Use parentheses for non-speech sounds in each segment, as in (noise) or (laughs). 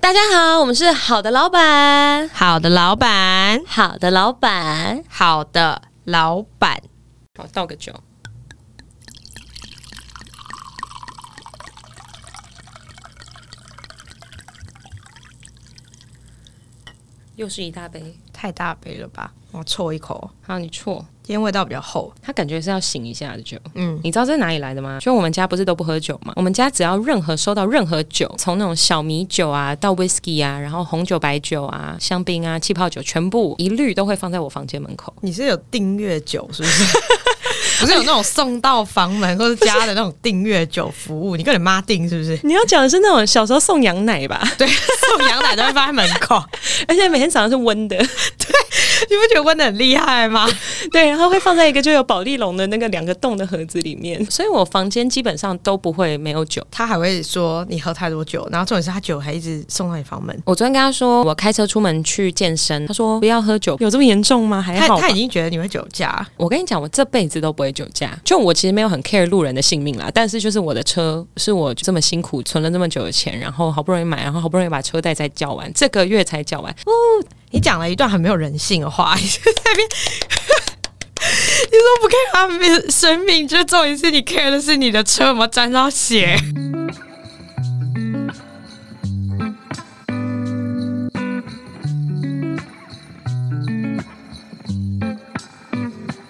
大家好，我們是好的老闆，好的老闆，好的老闆，好的老闆。好，倒個酒，又是一大杯，太大杯了吧？我啜一口，好，你啜。今天味道比較厚，他感覺是要醒一下的酒。嗯，你知道這是哪裡來的嗎？就我們家不是都不喝酒嗎？我們家只要任何收到任何酒，從那種小米酒啊，到 whisky 啊，然後紅酒、白酒啊、香檳啊、氣泡酒，全部一律都會放在我房間門口。你是有訂閱酒是不是？不 (laughs) 是有那種送到房門或是家的那種訂閱酒服務？你跟你媽訂是不是？你要講的是那種小時候送羊奶吧？對，送羊奶都會放在門口， (laughs) 而且每天早上是溫的。 (laughs) 你不覺得問得很厲害嗎？ (laughs) 對，然後會放在一個就有保麗龍的那個兩個洞的盒子裡面。所以我房間基本上都不會沒有酒。他還會說，你喝太多酒，然後重點是他酒還一直送到你房門。我昨天跟他說，我開車出門去健身，他說不要喝酒，有這麼嚴重嗎？還好他，他已經覺得你會酒駕。我跟你講，我這輩子都不會酒駕。就我其實沒有很 care 路人的性命啦，但是就是我的車是我這麼辛苦存了這麼久的錢，然後好不容易買，然後好不容易把車貸再交完，這個月才交完。哦。你講了一段很沒有人性的話，你就在那邊，你說不 care 他們的生命，就這種意思，你 care 的是你的車嗎？沾到血。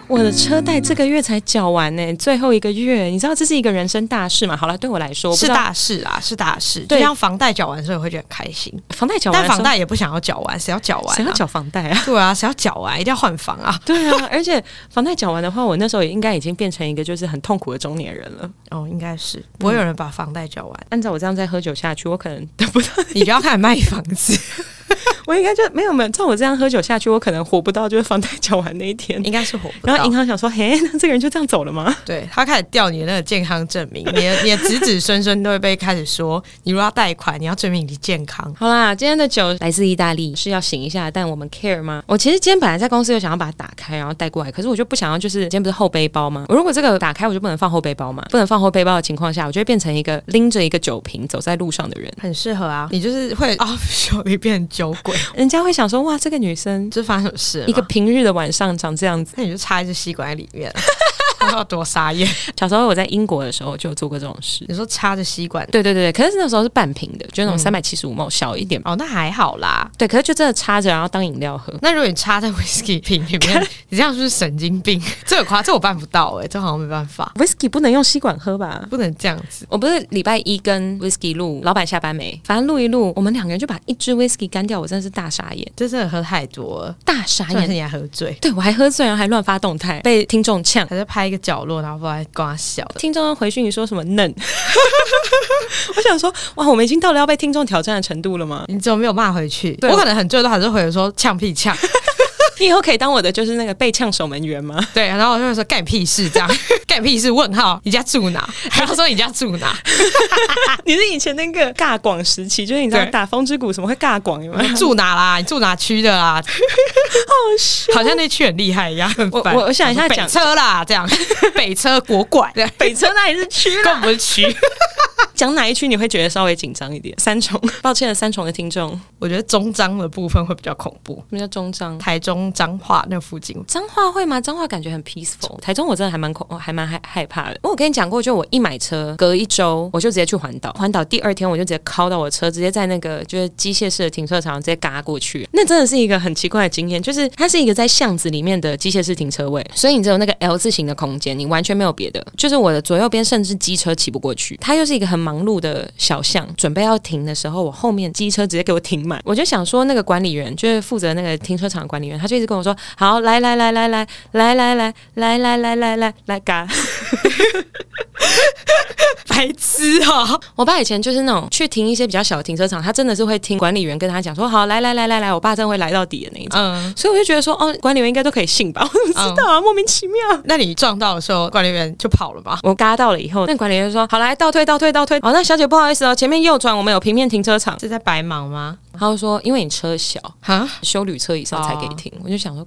我的車貸這個月才繳完呢、欸，最後一個月，你知道這是一個人生大事嘛？好了，對我來說我是大事啊，是大事。對，就像房貸繳完的時候會覺得很開心，房貸繳完，但房貸也不想要繳完，誰要繳完，啊？誰要繳房貸啊？對啊，誰要繳完一定要換房啊？對啊，而且房貸繳完的話，我那時候也應該已經變成一個就是很痛苦的中年人了。哦，應該是不會有人把房貸繳完。嗯，按照我這樣再喝酒下去，我可能等不到。你就要開始賣房子。 (laughs) (laughs) 我應該就沒有沒有，照我這樣喝酒下去，我可能活不到就是房貸繳完那一天。應該是活不到。然後銀行想說，嘿，那這個人就這樣走了嗎？對，他開始調你的那個健康證明， (laughs) 你的你的子子孫孫都會被開始說，你如果要貸款，你要證明你的健康。好啦，今天的酒來自意大利，是要醒一下，但我們 care 嗎？我其實今天本來在公司有想要把它打開，然後帶過來，可是我就不想要，就是今天不是後背包嗎？我如果這個打開，我就不能放後背包嘛，不能放後背包的情況下，我就會變成一個拎着一個酒瓶走在路上的人，很適合啊。你就是會 o f f 里變。酒鬼，人家會想說：哇，這個女生，這發生什麼事？一個平日的晚上，長這樣子，那你就插一隻吸管在裡面 (laughs) 要多傻眼！小時候我在英國的時候就做過這種事。你說插着吸管，對對對，可是那時候是半瓶的，就那種三百七十五毫升小一點。哦，那還好啦。對，可是就真的插着，然後當飲料喝。那如果你插在威士忌瓶裡面， (laughs) 你這樣是不是神經病？ (laughs) (laughs) 這誇，這我辦不到哎，欸，這好像沒辦法。威士忌不能用吸管喝吧？不能這樣子。我不是禮拜一跟威士忌錄老闆下班沒？反正錄一錄，我們兩個人就把一支威士忌幹掉。我真的是大傻眼，就真的喝太多了，大傻眼，而且還喝醉。對我還喝醉，然後還亂發動態，被聽眾嗆，還在拍。一個角落，然後不愛刮小聽眾回訊，你說什麼嫩？ (laughs) (laughs) 我想說，哇，我們已經到了要被聽眾挑戰的程度了嗎？你怎麼沒有罵回去？我可能很醉，都還是回來說，嗆屁嗆。 (laughs) 你以後可以當我的就是那個被嗆守門員嗎？對，然後我就說幹屁事，這樣幹屁事？問號？你家住哪？然後說你家住哪？ (laughs) (laughs) 你是以前那個尬廣時期，就是你在打風之谷什麼會尬廣？有沒有住哪啦？你住哪區的啦 (laughs) 好？好像那區很厲害一樣。很我我我想一下，北車啦，這樣 (laughs) 北車國館，對，北車那也是區，更不是區。 (laughs) 講哪一區你會覺得稍微緊張一點？三重，抱歉了，三重的聽眾，我覺得中彰的部分會比較恐怖。什麼叫中彰？台中彰化那附近？彰化會嗎？彰化感覺很 peaceful。台中我真的還蠻恐、哦，還蠻害害怕的。我跟你講過，就我一買車，隔一周我就直接去環島。環島第二天我就直接靠到我的車，直接在那個就是機械式的停車場直接嘎過去。那真的是一個很奇怪的經驗，就是它是一個在巷子裡面的機械式停車位，所以你只有那個 L 字型的空間，你完全沒有別的。就是我的左右邊甚至機車騎不過去，它又是一個很。忙碌的小巷，準備要停的時候，我後面機車直接給我停滿，我就想說，那個管理員就是負責那個停車場的管理員，他就一直跟我說：“好，來來來來來來來來來來來來來，來來來來來來來嘎， (laughs) 白痴哈、喔！”我爸以前就是那種去停一些比較小的停車場，他真的是會聽管理員跟他講說：“好，來來來來來。”我爸真的會來到底的那一種、嗯，所以我就覺得說：“哦，管理員應該都可以信吧？”我怎麼知道啊、嗯，莫名其妙。那你撞到的時候，管理員就跑了吧？我嘎到了以後，那管理員就說：“好，來，倒退，倒退，倒退。”哦，那小姐不好意思哦，前面右轉，我們有平面停車場，是在白忙嗎？他就說，因為你車小，哈，休旅車以上才可以停，啊、我就想說。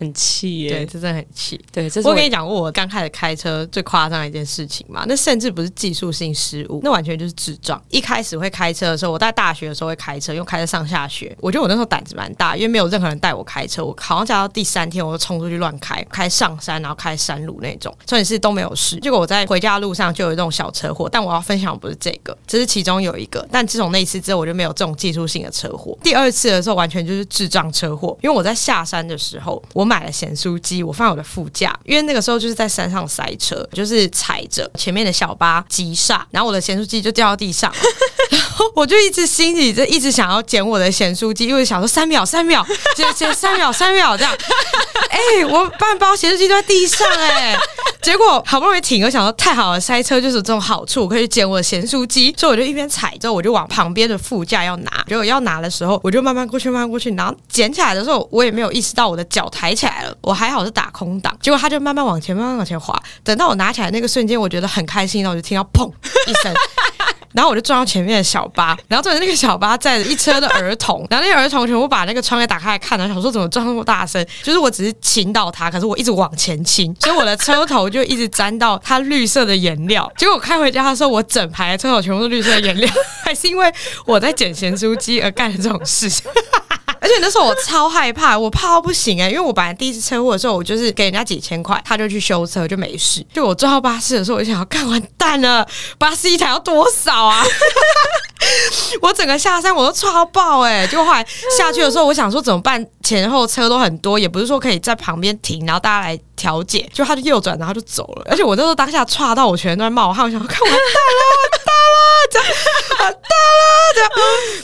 很氣耶，對，真的很氣。對，這是我，我跟你講過，我剛開始開車最誇張的一件事情嘛，那甚至不是技術性失誤，那完全就是智障。一開始會開車的時候，我在大學的時候會開車，因為開車上下學。我覺得我那時候膽子蠻大，因為沒有任何人帶我開車。我好像只要到第三天，我就衝出去亂開，開上山，然後開山路那種，所以是都沒有事。結果我在回家的路上就有這種小車禍。但我要分享的不是這個，只是其中有一個。但自從那一次之後，我就沒有這種技術性的車禍。第二次的時候，完全就是智障車禍，因為我在下山的時候，我。我買了鹹酥雞，我放我的副駕，因為那個時候就是在山上塞車，就是踩着前面的小巴急剎，然後我的鹹酥雞就掉到地上了。 (laughs) 我就一直心裡就一直想要撿我的鹹酥雞，因為想說三秒三秒撿，撿三秒三秒這樣。哎、欸，我半包鹹酥雞都在地上哎、欸，結果好不容易停，我想說太好了，塞車就是有這種好處，我可以撿我的鹹酥雞。所以我就一邊踩，之後我就往旁邊的副駕要拿。結果要拿的時候，我就慢慢過去，慢慢過去，然後撿起來的時候，我也沒有意識到我的腳抬起來了。我還好是打空檔，結果它就慢慢往前，慢慢往前滑。等到我拿起來那個瞬間，我覺得很開心，然後我就聽到砰一聲。然後我就撞到前面的小巴，然後坐在那個小巴載着一車的兒童，然後那個兒童全部把那個窗簾打開來看。然後想說：“怎麼撞那麼大聲？”就是我只是傾倒它，可是我一直往前傾，所以我的車頭就一直沾到它綠色的顏料。結果我開回家的時候，我整排的車頭全部都是綠色的顏料，還是因為我在撿鹹酥雞而幹的這種事情。而且那時候我超害怕，我怕到不行哎、欸，因為我本來第一次車禍的時候，我就是給人家幾千塊，他就去修車就沒事。就我撞巴士的時候，我就想要，幹完蛋了，巴士一台要多少啊？ (laughs) (laughs) 我整個下山我都剉到爆哎、欸！就後來下去的時候，我想說怎麼辦？前後車都很多，也不是說可以在旁邊停，然後大家來調解。就他就右轉，然後就走了。而且我那時候當下剉到我全身都在冒汗，我想要，幹完蛋了。 (laughs) 長大了，這樣，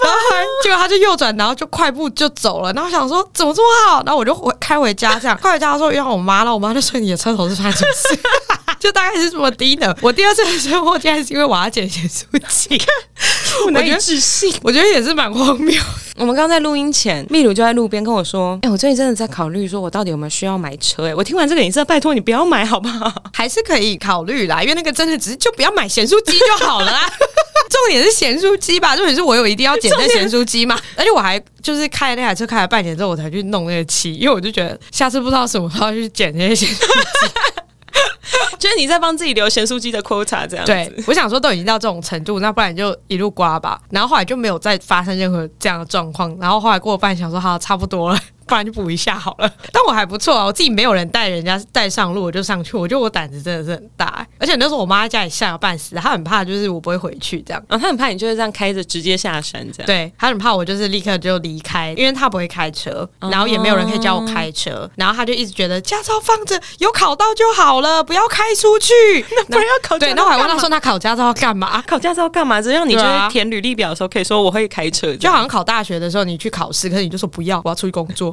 然後，結果他就右轉，然後就快步就走了。然後想說，怎麼這麼好？然後我就回開回家，這樣， (laughs) 開回家的時候遇到我媽了，我媽就說：“你的車頭是啥東西？”就大概是這麼低的。我第二次的時候，我竟然是因為我要撿鹹酥雞我，我覺得窒息，我覺得也是蠻荒謬。我們剛在錄音前，秘魯就在路邊跟我說：“哎、欸，我最近真的在考慮，說我到底有沒有需要買車、欸？”哎，我聽完這個音色，的拜托你不要買好不好？還是可以考慮啦，因為那個真的只是就不要買鹹酥雞就好了啦。 (laughs) 重點也是鹹酥雞吧？重點是我有一定要撿那鹹酥雞嘛？而且我還就是開了那台車開了半年之後，我才去弄那個漆，因為我就覺得下次不知道什麼時候去撿那些鹹酥雞。 (laughs) (laughs) 就是你在幫自己留鹹酥雞的 quota，這樣子。對，我想說都已經到這種程度，那不然就一路刮吧。然後後來就沒有再發生任何這樣的狀況。然後後來過半小時想說，好，差不多了。不然就補一下好了。 (laughs) 但我還不錯啊，我自己沒有人帶，人家帶上路我就上去。我覺得我膽子真的是很大，欸，而且那時候我媽在家裡嚇個半死，她很怕，就是我不會回去這樣。然、啊、後她很怕你就是這樣開着直接下山這樣。對，她很怕我就是立刻就離開，因為她不會開車，然後也沒有人可以教我開車，哦。然後她就一直覺得駕照放着有考到就好了，不要開出去，那那不然要考駕照要。對，那我還問她說：“她考駕照幹嘛？ (laughs) 啊、考駕照幹嘛？只要你就是填履歷表的時候可以說我會開車，就好像考大學的時候你去考試，可是你就說不要，我要出去工作。”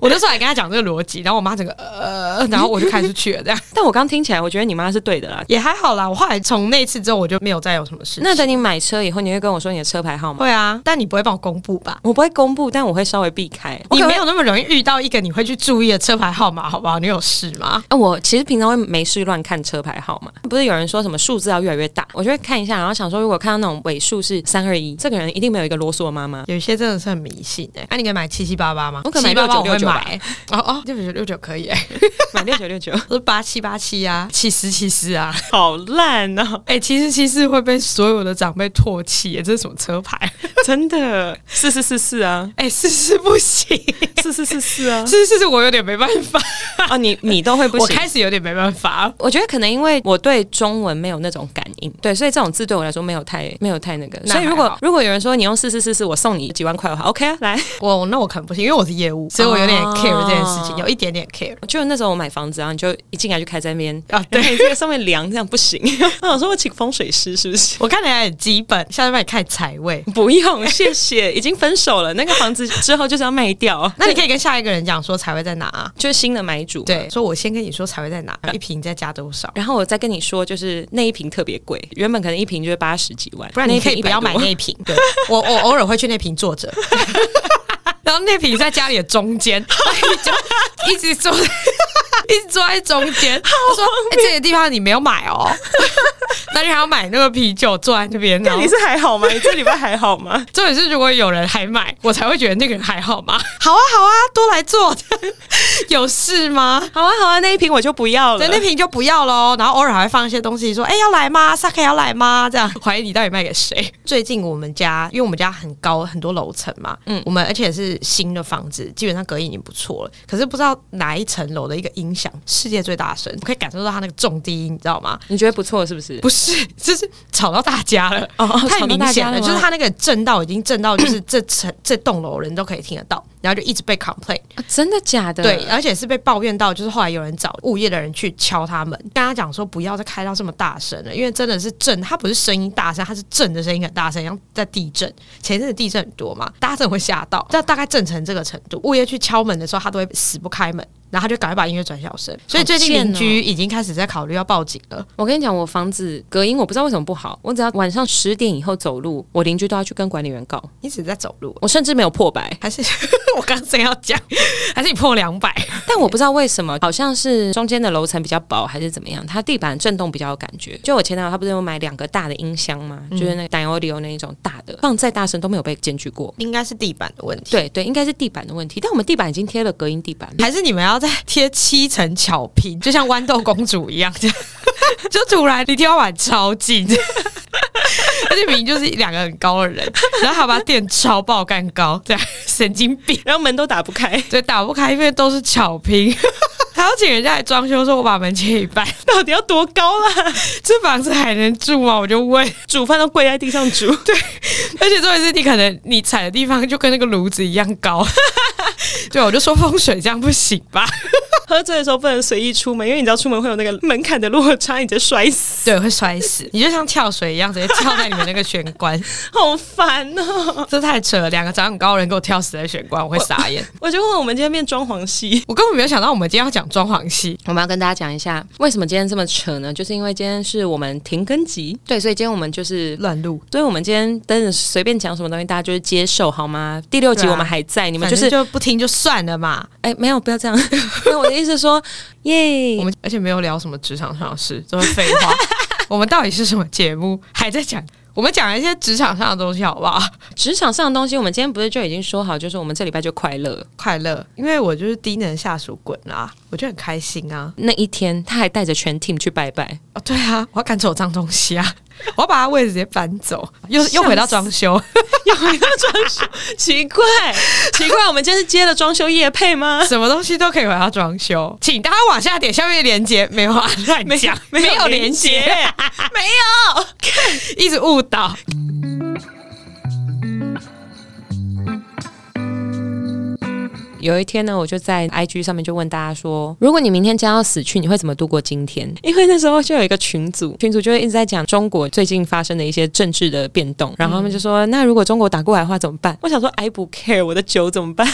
我那時候跟他講這個邏輯，然後我媽整個呃，然後我就開出去了這樣。 (laughs) 但我剛聽起來，我覺得你媽是對的啦，也還好啦。我後來從那次之後，我就沒有再有什麼事情。那等你買車以後，你會跟我說你的車牌號碼？對啊，但你不會幫我公布吧？我不會公布，但我會稍微避開。你沒有那麼容易遇到一個你會去注意的車牌號碼，好不好？你有事嗎？哎、啊，我其實平常會沒事亂看車牌號碼，不是有人說什麼數字要越來越大？我就會看一下，然後想說，如果看到那種尾數是三二一，這個人一定沒有一個囉嗦的媽媽。有些真的是很迷信誒、欸。那、啊、你可以買七七八八嗎？七七八八會嗎？哦哦，六九六九可以買。六九六九是八七八七？啊，七十七十？啊，好爛啊。哎，七十七十會被所有的長輩唾棄哎、欸、這是什麼車牌？ (laughs) 真的，四四四四啊。哎，四四不行，四四四四啊，四四四，4, 4, 4我有點沒辦法 (laughs) 哦，你你都會不行？我開始有點沒辦法，我覺得可能因為我對中文沒有那種感應對，所以這種字對我來說沒有太沒有太那個，那所以，如果如果有人說你用四四四四我送你幾萬塊的話，OK、啊、來，我那我可能不行，因為我是業務，uh -huh. 所以我有點。Oh, care 這件事情有一點點 care，就那時候我買房子啊，你就一進來就開在那邊啊，oh, 對， (laughs) 這個上面樑這樣不行。那、 (laughs) 啊、我說我請風水師是不是？我看起來很基本，下次幫你看財位，不用謝謝。 (laughs) 已經分手了，那個房子之後就是要賣掉， (laughs) 那你可以跟下一個人講說財位在哪啊？就是新的買主，對，說我先跟你說財位在哪，一瓶再加多少，然後我再跟你說就是那一瓶特別貴，原本可能一瓶就是八十幾萬，不然你可以不要買那一瓶。對，我我偶爾會去那瓶坐着。 (laughs) 然後那瓶在家裡的中間，所以就一直坐在。一直坐在中間，他說：“欸、這個地方你沒有買哦，那 (laughs) 你還要買那個啤酒坐在這邊呢？”你是還好嗎？你這禮拜還好嗎？重點是，如果有人還買，我才會覺得那個人還好嗎？好啊，好啊，多來坐， (laughs) 有事嗎？好啊，好啊，那一瓶我就不要了，那那瓶就不要嘍。然後偶爾還會放一些東西，說：“哎、欸，要來嗎？SA-KE 要來嗎？”這樣懷疑你到底賣給誰？最近我們家，因為我們家很高，很多樓層嘛，嗯，我們而且是新的房子，基本上隔音已經不錯了。可是不知道哪一層樓的一個影響世界最大聲，我可以感受到他那個重低音，你知道嗎？你覺得不錯是不是？不是，就是吵到大家了，oh, 太明顯了，了。就是他那個震到已經震到，就是這層 (coughs) 這棟樓人都可以聽得到，然後就一直被 complain、oh,。真的假的？對，而且是被抱怨到，就是後來有人找物業的人去敲他門，跟他講說不要再開到這麼大聲了，因為真的是震，它不是聲音大聲，它是震的聲音很大聲，然後在地震。前陣子地震很多嘛，大家真的會嚇到，這大概震成這個程度，物業去敲門的時候，他都會死不開門。然後他就趕快把音樂轉小聲，所以最近鄰居已經開始在考慮要報警了。哦、我跟你講，我房子隔音我不知道為什麼不好，我只要晚上十點以後走路，我鄰居都要去跟管理員告。你一直在走路、啊，我甚至沒有破百，還是呵呵我剛才要講，還是你破兩百？ (laughs) 但我不知道為什麼，好像是中間的樓層比較薄，還是怎麼樣？它地板震動比較有感覺。就我前男友他不是有買兩個大的音箱嗎？嗯、就是那個 Daniel i o 那一種大的，放再大聲都沒有被檢舉過，應該是地板的問題。對對，應該是地板的問題。但我們地板已經貼了隔音地板，還是你們要？在貼七層巧拼，就像豌豆公主一樣，這樣就突然離天花板超近。而且明明就是兩個很高的人，然後還把墊超爆幹高，這樣神經病，然後門都打不開，對，打不開，因為都是巧拼。還要請人家來裝修，說我把門切一半，到底要多高了？這房子還能住嗎？我就問，煮飯都跪在地上煮，對，而且重點是你可能你踩的地方就跟那個爐子一樣高。 (laughs) 對啊，我就說風水這樣不行吧。 (laughs) 喝醉的時候不能隨意出門，因為你知道出門會有那個門檻的落差，你就摔死。對，會摔死。你就像跳水一樣， (laughs) 直接跳在你們那個玄關， (laughs) 好煩哦、喔，這太扯了，兩個長很高的人給我跳死在玄關，我會傻眼。我，我就問我們今天變裝潢系，我根本沒有想到我們今天要講裝潢，潢系。我們要跟大家講一下，為什麼今天這麼扯呢？就是因為今天是我們停更集，對，所以今天我們就是亂錄，所以我們今天真的隨便講什麼東西，大家就是接受好嗎？第六集我們還在，啊、你們就是就不聽就算了嘛。哎、欸，沒有，不要這樣，因為。意思是說，耶，我們而且沒有聊什麼職場上的事，這麼廢話。 (laughs) 我們到底是什麼節目？還在講？我們講一些職場上的東西，好不好？職場上的東西，我們今天不是就已經說好，就是我們這禮拜就快樂快樂，因為我就是低能下屬，滾啊。我就很開心啊！那一天他還帶着全 team 去拜拜哦，對啊，我要趕走髒東西啊！我要把他位置直接搬走， (laughs) 又又回到裝修，又回到裝修， (laughs) (laughs) 修，奇怪，奇怪， (laughs) (laughs) 我們今天是接了裝修業配嗎？什麼東西都可以回到裝修， (laughs) 請大家往下點，下面鏈接沒有啊？沒想沒有鏈接，沒有、啊， (laughs) (laughs) 沒有 (laughs) 一直誤導。嗯有一天呢，我就在 IG 上面就問大家說：“如果你明天將要死去，你會怎麼度過今天？”因為那時候就有一個群組，群組就會一直在講中國最近發生的一些政治的變動。然後他們就說：“嗯、那如果中國打過來的話怎麼辦？”我想說：“I 不 care，我的酒怎麼辦？”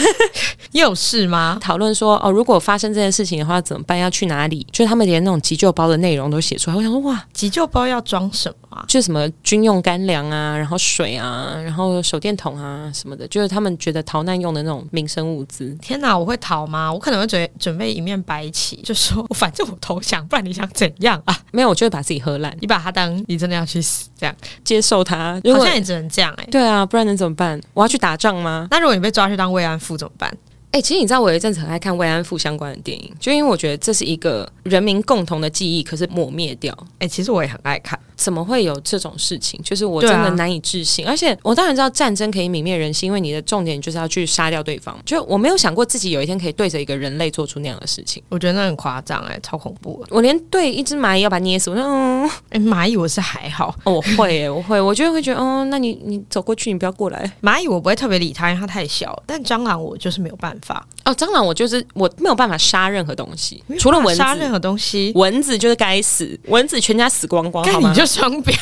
你有 (laughs) 事嗎？討論說：“哦，如果發生這件事情的話怎麼辦？要去哪裡？”就他們連那種急救包的內容都寫出來。我想說：“哇，急救包要裝什麼啊？就什麼軍用乾糧啊，然後水啊，然後手電筒啊什麼的。就是他們覺得逃難用的那種民生物資。”天哪，我會逃嗎？我可能會準準備一面白旗，就說反正我投降，不然你想怎樣啊？沒有，我就會把自己喝爛。你把他當，你真的要去死，這樣接受他，好像也只能這樣欸。對啊，不然能怎麼辦？我要去打仗嗎？那如果你被抓去當慰安婦怎麼辦？欸，其實你知道我有一陣子很愛看慰安婦相關的電影，就因為我覺得這是一個人民共同的記憶，可是抹滅掉。欸，其實我也很愛看。怎麼會有這種事情？就是我真的難以置信。啊、而且我當然知道戰爭可以泯滅人性，因為你的重點就是要去殺掉對方。就我沒有想過自己有一天可以對着一個人類做出那樣的事情。我覺得那很誇張誒，超恐怖、啊！我連對一隻螞蟻要把它捏死，我說誒、哦欸，螞蟻我是還好，哦、我會、欸、我會，我就會覺得，覺得哦，那你你走過去，你不要過來。螞蟻我不會特別理它，因為它太小。但蟑螂我就是沒有辦法。哦，蟑螂，我就是我沒有辦法殺任何東西，除了蚊子。殺任何東西，蚊子就是該死，蚊子全家死光光好嗎？你就雙標，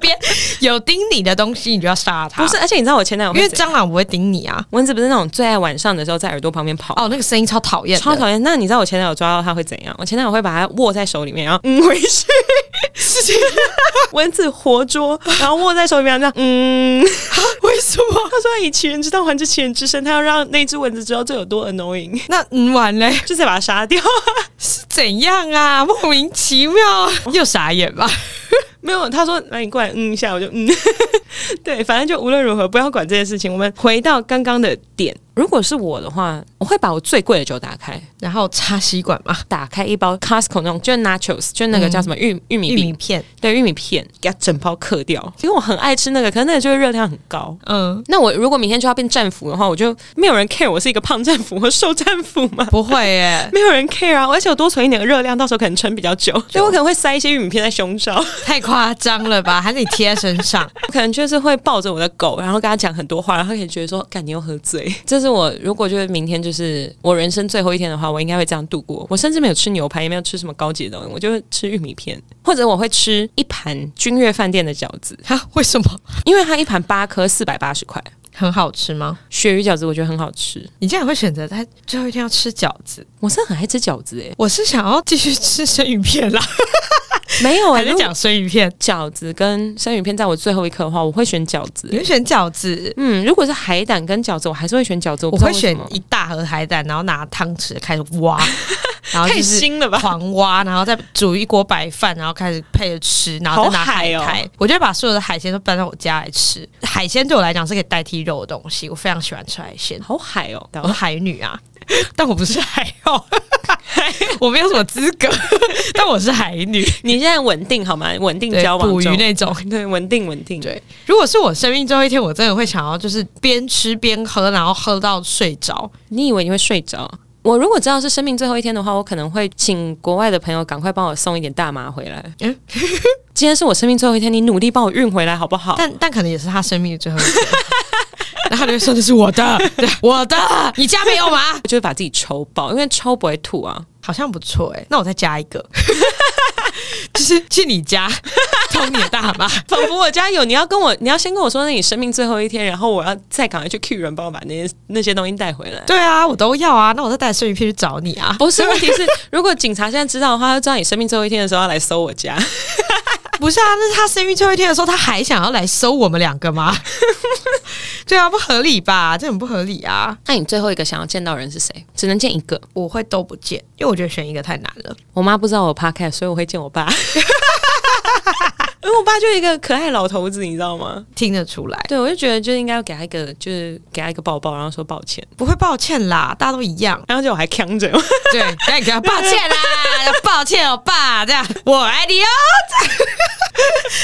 別 (laughs) 有叮你的東西，你就要殺它。不是，而且你知道我前男友會，因為蟑螂不會叮你啊，蚊子不是那種最愛晚上的時候在耳朵旁邊跑哦，那個聲音超討厭，超討厭。那你知道我前男友抓到它會怎樣？我前男友會把它握在手裡面，然後嗯回去是，蚊子活捉，然後握在手裡面，然後這樣嗯。什麼？他說：“以其人之道還治其人之身，他要讓那隻蚊子知道這有多 annoying。”那嗯完嘞，就再把它殺掉啊。是怎樣啊？莫名其妙， (laughs) 又傻眼吧？沒有，他說：“那你過來嗯一下，我就嗯。 (laughs) ”對，反正就無論如何不要管這件事情。我們回到剛剛的點。如果是我的話，我會把我最貴的酒打開，然後插吸管嘛。打開一包 Costco 那種，就 Nachos，就是那個叫什麼玉玉米、嗯、玉米片，對，玉米片給它整包嗑掉，因為我很愛吃那個，可是那個就是熱量很高。嗯、呃，那我如果明天就要變戰俘的話，我就沒有人 care 我是一個胖戰俘和瘦戰俘嗎？不會耶、欸， (laughs) 沒有人 care 啊，而且我多存一點熱量，到時候可能撐比較久，所以我可能會塞一些玉米片在胸罩，太誇張了吧？還是你貼在身上？ (laughs) 我可能就是會抱着我的狗，然後跟他講很多話，然後可能覺得說，幹你又喝醉，但是我如果就是明天就是我人生最後一天的話，我應該會這樣度過。我甚至沒有吃牛排，也沒有吃什麼高級的東西，我就會吃玉米片，或者我會吃一盤君悅飯店的餃子。蛤？為什麼？因為它一盤八顆，四百八十塊，很好吃嗎？鱈魚餃子我覺得很好吃。你竟然會選擇它，最後一天要吃餃子？我是很愛吃餃子誒，我是想要繼續吃生魚片啦。 (laughs) 沒有啊，你講生魚片，餃子跟生魚片，在我最後一刻的話，我會選餃子。你會選餃子？嗯，如果是海膽跟餃子，我還是會選餃子我。我會選一大盒海膽，然後拿湯匙開始挖， (laughs) 然後就是狂挖，然後再煮一鍋白飯，然後開始配着吃，然後再拿海苔。好海哦、我就把所有的海鮮都搬到我家來吃。海鮮對我來講是可以代替肉的東西，我非常喜歡吃海鮮。好海哦，我、哦、海女啊。但我不是海鷗， (laughs) 我沒有什麼資格。 (laughs) 但我是海女。你現在穩定好嗎？穩定交往、捕魚那種。對，穩定穩定。對，如果是我生命最後一天，我真的會想要就是邊吃邊喝，然後喝到睡着。你以為你會睡着？我如果知道是生命最後一天的話，我可能會請國外的朋友趕快幫我送一點大麻回來。嗯、 (laughs) 今天是我生命最後一天，你努力幫我運回來好不好？但但可能也是他生命的最後一天。 (laughs) 那他就會說這是我的，我的，你家沒有嗎？我就會把自己抽爆，因為抽不會吐啊，好像不錯哎、欸。那我再加一個， (laughs) 就是去你家抽你的大麻，仿佛我家有。你要跟我，你要先跟我說，那你生命最後一天，然後我要再趕快去 Q 人，幫我把那些那些東西帶回來。對啊，我都要啊。那我再帶碎紙片去找你啊。不是， (laughs) 問題是如果警察現在知道的話，他知道你生命最後一天的時候要來搜我家。不是啊，那是他生命最後一天的時候，他還想要來收我們兩個嗎？ (laughs) 對啊，不合理吧？這很不合理啊！那你最後一個想要見到人是誰？只能見一個，我會都不見，因為我覺得選一個太難了。我媽不知道我 podcast，所以我會見我爸。 (laughs) 哈 (laughs) 哈、嗯，因為我爸就一個可愛老頭子，你知道嗎？聽得出來，對，我就覺得就應該要給他一個，就是給他一個抱抱，然後說抱歉，不會抱歉啦，大家都一樣。然後就我還扛着， (laughs) 對，趕緊給他抱歉啦，要 (laughs) 抱歉我、哦、爸，這樣 (laughs) 我愛你哦。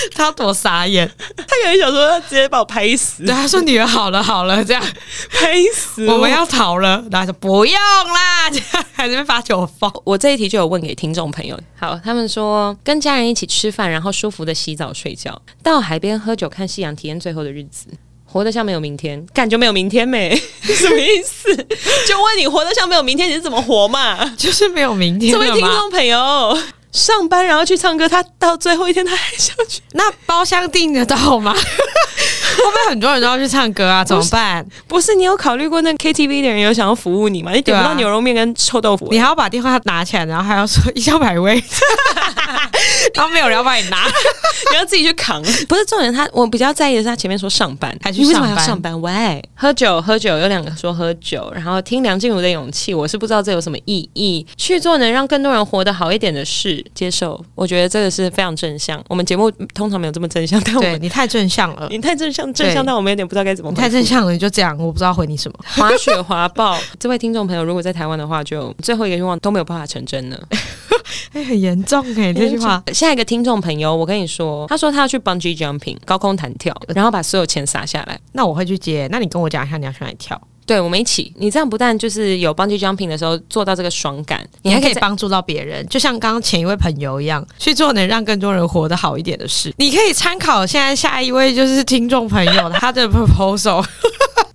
(laughs) 他多傻眼，他可能想說直接把我拍死。 (laughs) 對，他說女兒好了好了，這樣 (laughs) 拍死我，我們要逃了。然後說不用啦，這樣還在那邊發酒瘋。 (laughs) 我這一題就有問給聽眾朋友，好，他們說跟家人一起吃飯。然後舒服的洗澡睡覺，到海邊喝酒看夕陽，體驗最後的日子，活得像沒有明天，感覺沒有明天沒，什麼意思？ (laughs) 就問你，活得像沒有明天，你是怎麼活嘛？就是沒有明天。這位聽眾朋友，上班然後去唱歌，他到最後一天他還想去，那包廂訂得到嗎？ (laughs) 會不會很多人都要去唱歌啊，怎麼辦？不是，不是你有考慮過那 KTV 的人有想要服務你嗎？你點不到牛肉麵跟臭豆腐、啊，你還要把電話拿起來，然後還要說一下百威， (laughs) (laughs) 然後沒有人幫你拿， (laughs) 你要自己去扛。不是重點，他我比較在意的是他前面說上班，還去上班，上班喂，喝酒喝酒有兩個說喝酒，然後聽梁靜茹的勇氣，我是不知道這有什麼意義。去做能讓更多人活得好一點的事，接受，我覺得這個是非常正向。我們節目通常沒有這麼正向，但我對你太正向了，你太正向。正向到我們有點不知道該怎麼回。太正向了，你就這樣，我不知道回你什麼。滑雪滑爆， (laughs) 這位聽眾朋友，如果在台灣的話，就最後一個願望都沒有辦法成真了，誒、 (laughs) 欸，很嚴重誒、欸，這句話。下一個聽眾朋友，我跟你說，他說他要去 Bungee jumping，高空彈跳、呃，然後把所有錢撒下來，那我會去接，那你跟我講一下你要去哪裡跳？對，我們一起。你這樣不但就是有 Bungee Jumping 的時候做到這個爽感，你還可以幫助到別人，就像剛剛前一位朋友一樣，去做能讓更多人活得好一點的事。你可以參考現在下一位就是聽眾朋友 (laughs) 他的 proposal。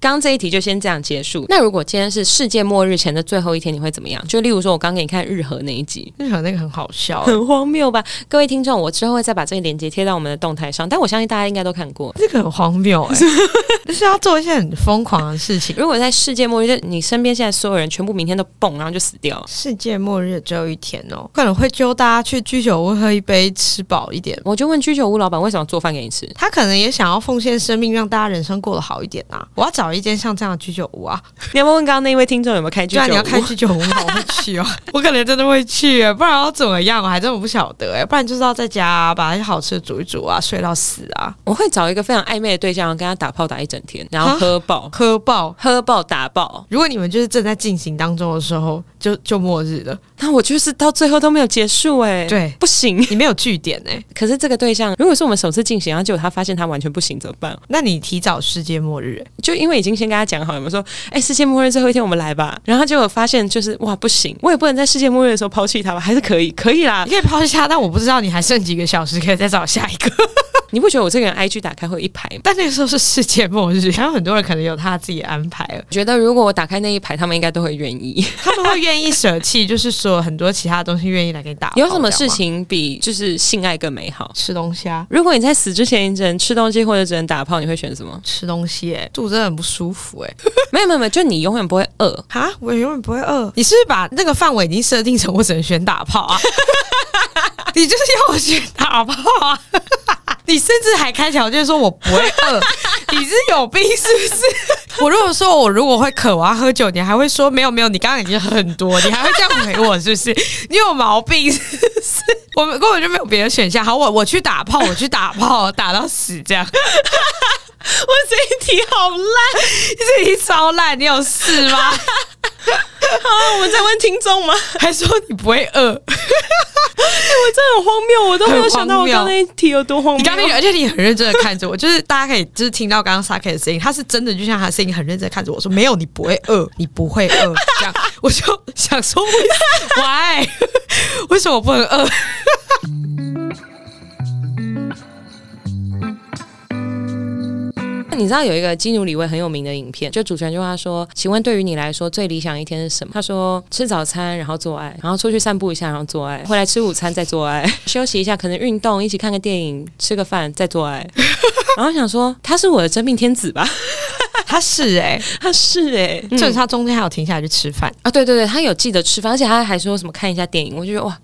剛剛 (laughs) 這一題就先這樣結束。那如果今天是世界末日前的最後一天，你會怎麼樣？就例如說，我剛給你看日和那一集，日和那個很好笑，欸，很荒謬吧？各位聽眾，我之後會再把這個鏈接貼到我們的動態上，但我相信大家應該都看過。這個很荒謬哎，欸， (laughs) 就是要做一些很瘋狂的事情， (laughs) 如果。在世界末日，你身邊現在所有人全部明天都蹦，然後就死掉了。世界末日只有一天哦，可能會揪大家去居酒屋喝一杯，吃飽一點。我就問居酒屋老板為什麼做飯給你吃？他可能也想要奉獻生命，讓大家人生過得好一點啊。我要找一間像這樣的居酒屋啊。你要不要問剛剛那一位聽眾有沒有開居酒屋、啊？你要開居酒屋，我會去哦。我可能真的會去，不然要怎麼樣？我還真的不曉得哎。不然就是要在家、啊、把那些好吃的煮一煮啊，睡到死啊。我會找一個非常曖昧的對象，跟他打炮打一整天，然後喝爆喝爆喝爆打爆！如果你們就是正在進行當中的時候。就就末日了，那我就是到最後都沒有結束哎、欸，對，不行，你沒有句點哎、欸。可是這個對象，如果是我們首次進行，然後結果他發現他完全不行怎麼辦？那你提早世界末日、欸，就因為已經先跟他講好了，我們說哎、欸，世界末日最後一天我們來吧。然後結果發現就是哇，不行，我也不能在世界末日的時候拋棄他吧？還是可以，可以啦，你可以拋棄他，但我不知道你還剩幾個小時可以再找下一個。 (laughs) 你不覺得我這個人 IG 打開會有一排嗎？但那個時候是世界末日，然後很多人可能有他自己安排了。我覺得如果我打開那一排，他們應該都會願意，他們會願。願意捨棄，就是說很多其他的東西願意來給你打炮。你有什麼事情比就是性愛更美好？吃東西啊！如果你在死之前你只能吃東西，或者只能打炮，你會選什麼？吃東西哎、欸，肚子很不舒服哎、欸。 (laughs) 沒有沒有沒有，就你永遠不會餓啊！我永遠不會餓。你是不是把那個範圍已經設定成我只能選打炮啊？ (laughs) 你就是要我去打炮啊， (laughs) 你甚至還開條件說我不會餓，你是有病是不是？ (laughs) 我如果說我如果會渴，我要喝酒，你還會說沒有沒有，你剛剛已經喝很多，你還會這樣回我是不是？你有毛病是不是？ (laughs) 我們根本就沒有別的選項，好，我我去打炮，我去打炮，打到死這樣， (laughs) 我這一題好爛，你這一題超爛，你有事嗎？ (laughs) 好，我在問聽眾嗎？還說你不會餓。 (laughs) 我真的很荒謬，我都沒有想到我剛剛那題有多荒謬。你剛剛而且你很認真的看着我， (laughs) 就是大家可以就是聽到剛剛 SA-KE 的聲音，他是真的就像他聲音很認真的看着我說：“沒有，你不會餓，你不會餓。 (laughs) ”這樣我就想說為什麼 (laughs) ：“Why？為什麼不能餓？” (laughs) 嗯你知道有一個基努李維，很有名的影片，就主持人就說他說：“請問對於你來說最理想的一天是什麼？”他說：“吃早餐，然後做愛，然後出去散步一下，然後做愛，回來吃午餐再做愛，休息一下，可能運動，一起看個電影，吃個飯再做愛。”然後想說他是我的真命天子吧？他是誒、欸，他是誒、欸欸，嗯，就是他中間還有停下來去吃飯啊？對對對，他有記得吃飯，而且他還說什麼看一下電影，我就覺得哇。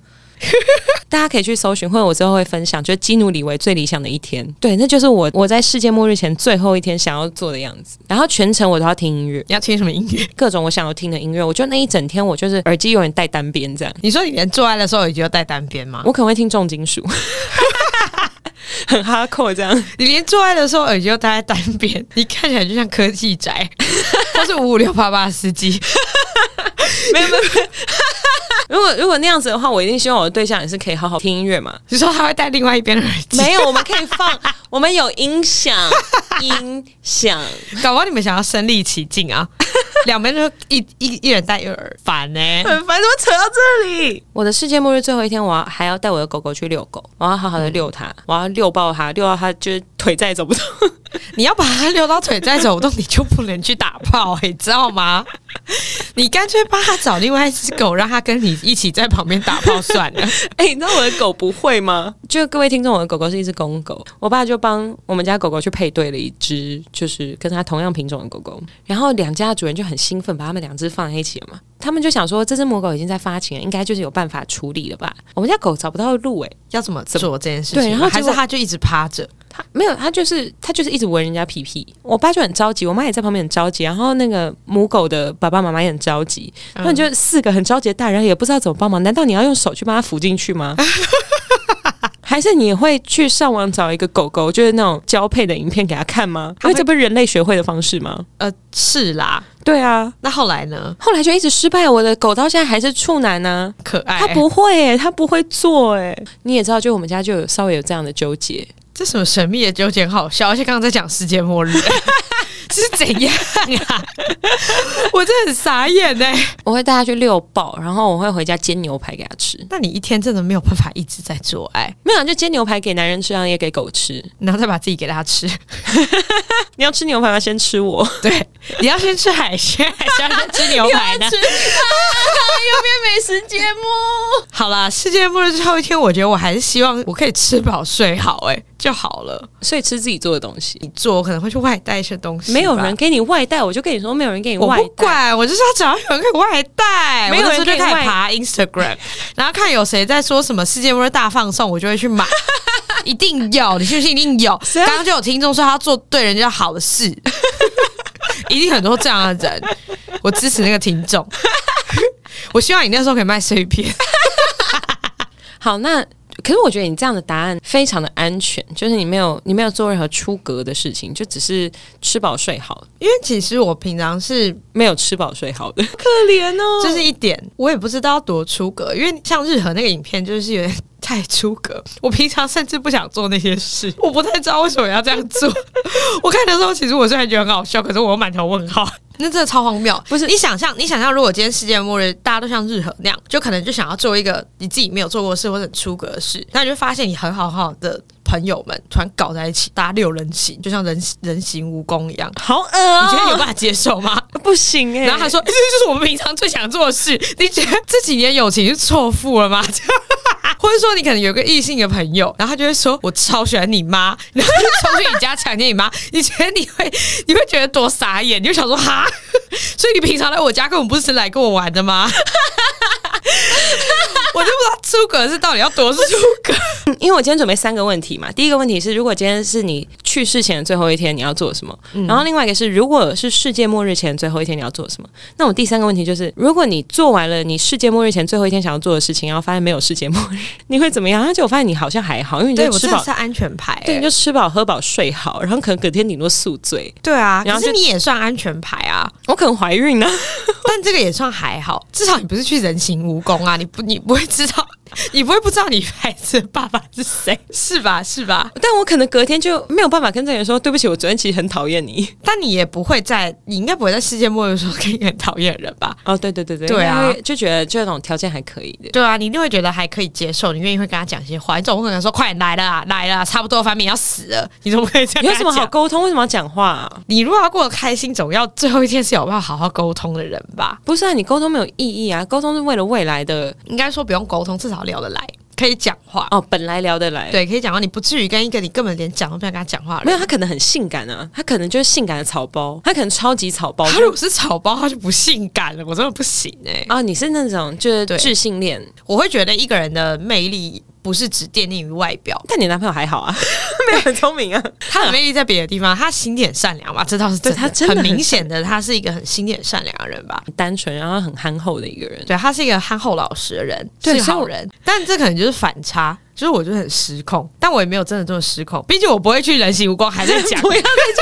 大家可以去搜尋，或者我之後會分享，就是基努里維最理想的一天，對，那就是我我在世界末日前最後一天想要做的樣子。然後全程我都要聽音樂。你要聽什麼音樂？各種我想要聽的音樂。我覺得那一整天我就是耳機永遠戴單邊這樣。你說你連做愛的時候耳機都戴單邊嗎？我可能會聽重金屬，很 hardcore 這樣。你連做愛的時候耳機都戴單邊，你看起來就像科技宅，他是五五六八八司機，沒有，沒有沒有。如果如果那樣子的話，我一定希望我的對象也是可以好好聽音樂嘛。你說他會戴另外一邊的耳機？沒有，我們可以放， (laughs) 我們有音響，音響。 (laughs) 搞不好你們想要身臨其境啊。兩邊就一一一人帶一個，煩呢，很煩，怎麼扯到這裡？我的世界末日最後一天，我還要帶我的狗狗去遛狗，我要好好的遛它，嗯，我要遛爆它，遛到它就是腿再走不動。 (laughs) 你要把它遛到腿再走不動，你就不能去打炮，你知道嗎？ (laughs) 你乾脆幫它找另外一隻狗，讓它跟你一起在旁邊打炮算了。哎、 (laughs) 欸，你知道我的狗不會嗎？就各位聽眾，我的狗狗是一隻公狗，狗，我爸就幫我們家狗狗去配對了一隻，就是跟它同樣品種的狗狗，然後兩家主人就很。興奮把他們兩隻放在一起了嘛。他們就想說這隻母狗已經在發情了，應該就是有辦法處理了吧？我們家狗找不到路，欸，誒，要怎麼做這件事情？對，然後結果它就一直趴着，它沒有，它就是它就是一直聞人家屁屁。我爸就很着急，我媽也在旁邊很着急，然後那個母狗的爸爸媽媽也很着急，那就四個很着急的大人也不知道怎麼幫忙。難道你要用手去把它扶進去嗎？ (laughs) 還是你會去上網找一個狗狗就是那種交配的影片給他看嗎？因為這不是人類學會的方式嗎？呃，是啦。對啊，那後來呢？後來就一直失敗，我的狗到現在還是處男呢，啊，可愛。他不會，他不會做，哎，你也知道，就我們家就有稍微有這樣的糾結。這什麼神秘的糾結，好笑，而且剛剛在講世界末日。 (laughs) (laughs) 是怎樣啊？ (laughs) 我真的很傻眼哎、欸！我會帶他去遛爆，然後我會回家煎牛排給他吃。那你一天真的沒有辦法一直在做愛？沒有、啊，就煎牛排給男人吃，然後也給狗吃，然後再把自己給他吃。 (laughs) 你要吃牛排嗎，要先吃我。對，你要先吃海鮮， (laughs) 還是要先吃牛排呢？又有、啊、美食節目。 (laughs) 好啦，世界末日最後一天，我覺得我還是希望我可以吃飽睡好哎、欸。就好了，所以吃自己做的東西。你做，可能會去外帶一些東西。沒有人給你外帶，我就跟你說，沒有人給你外帶。我不管，我就是要找到有人給外帶， (laughs) 沒有人，我那時候就可以爬 Instagram，然後看有誰在說什麼世界末日大放送，我就會去買。 (laughs) 一定有，你信不信？一定有、啊。剛剛就有聽眾說他做對人家好的事， (laughs) (laughs) 一定很多這樣的人。我支持那個聽眾。 (laughs) 我希望你那時候可以賣碎片。 (laughs) 好，那。可是我覺得你這樣的答案非常的安全，就是你沒有你沒有做任何出格的事情，就只是吃飽睡好。因為其實我平常是沒有吃飽睡好的，可憐哦。這是一點，我也不知道要多出格，因為像日和那個影片就是有點。太出格！我平常甚至不想做那些事，我不太知道為什麼要這樣做。 (laughs) 我看的時候，其實我是還覺得很好笑，可是我又滿頭問號、嗯。那真的超荒謬！不是你想象，你想象，你想像如果今天世界的末日，大家都像日和那樣，就可能就想要做一個你自己沒有做過事或者很出格的事，那你就發現你很好好的朋友們突然搞在一起，大家六人行，就像人人形蜈蚣一樣，好噁、喔！你覺得你有,有辦法接受嗎？啊、不行、欸！然後他說：“ (laughs) 這就是我們平常最想做的事。”你覺得這幾年友情是錯付了嗎？這或者說，你可能有個異性的朋友，然後他就會說：“我超喜歡你媽，然後就衝去你家強姦你媽。”你覺得你會，你會覺得多傻眼？你就想說：“哈，所以你平常來我家根本不是來跟我玩的嗎？”哈哈哈。 (laughs) 我就不知道出格是到底要多出格，因為我今天準備三個問題嘛。第一個問題是，如果今天是你去世前的最後一天，你要做什麼、嗯？然後另外一個是，如果是世界末日前最後一天，你要做什麼？那我第三個問題就是，如果你做完了你世界末日前最後一天想要做的事情，然後發現沒有世界末日，你會怎麼樣？而且我發現你好像還好，因為你就吃飽，我真的是安全牌。欸，對，你就吃飽喝飽睡好，然後可能隔天頂多宿醉。對啊，然後是你也算安全牌啊，我可能懷孕呢。啊， (laughs) 但這個也算還好，至少你不是去人行。蜈蚣啊！你不，你不會知道。你不會不知道你孩子的爸爸是誰 (laughs) 是吧？是吧？但我可能隔天就沒有辦法跟這個人說對不起，我昨天其實很討厭你。 (laughs) 但你也不會在，你應該不會在世界末日的時候跟你很討厭的人吧？哦，對對對對，對啊，就覺得就那種條件還可以的。對啊，你一定會覺得還可以接受，你願意會跟他講一些話。你總不可能說快來了，來了，差不多翻面要死了，你總不可以這樣？有什麼好溝通？為什麼要講話啊？你如果要過得開心，總要最後一天是有辦法好好溝通的人吧？不是啊，你溝通沒有意義啊，溝通是為了未來的，應該說不用溝通，至少。聊得來，可以講話哦。本來聊得來，對，可以講話。你不至於跟一個你根本連講都不想跟他講話。沒有，他可能很性感啊，他可能就是性感的草包，他可能超級草包。他如果是草包，他就不性感了。我真的不行哎、欸。啊，你是那種就是智性戀，我會覺得一個人的魅力，不是只奠定於外表，但你男朋友還好啊，沒、欸、有很聰明啊，他的魅力在別的地方，他心地很善良嘛，這倒是真的，真的很，很明顯的，他是一個很心地很善良的人吧，很單純然後很憨厚的一個人，對，他是一個憨厚老實的人，對，是好人是，但這可能就是反差。其、就、實、是、我覺得很失控，但我也沒有真的這麼失控。畢竟我不會去人形蜈蚣，還在講，不要再講這一集，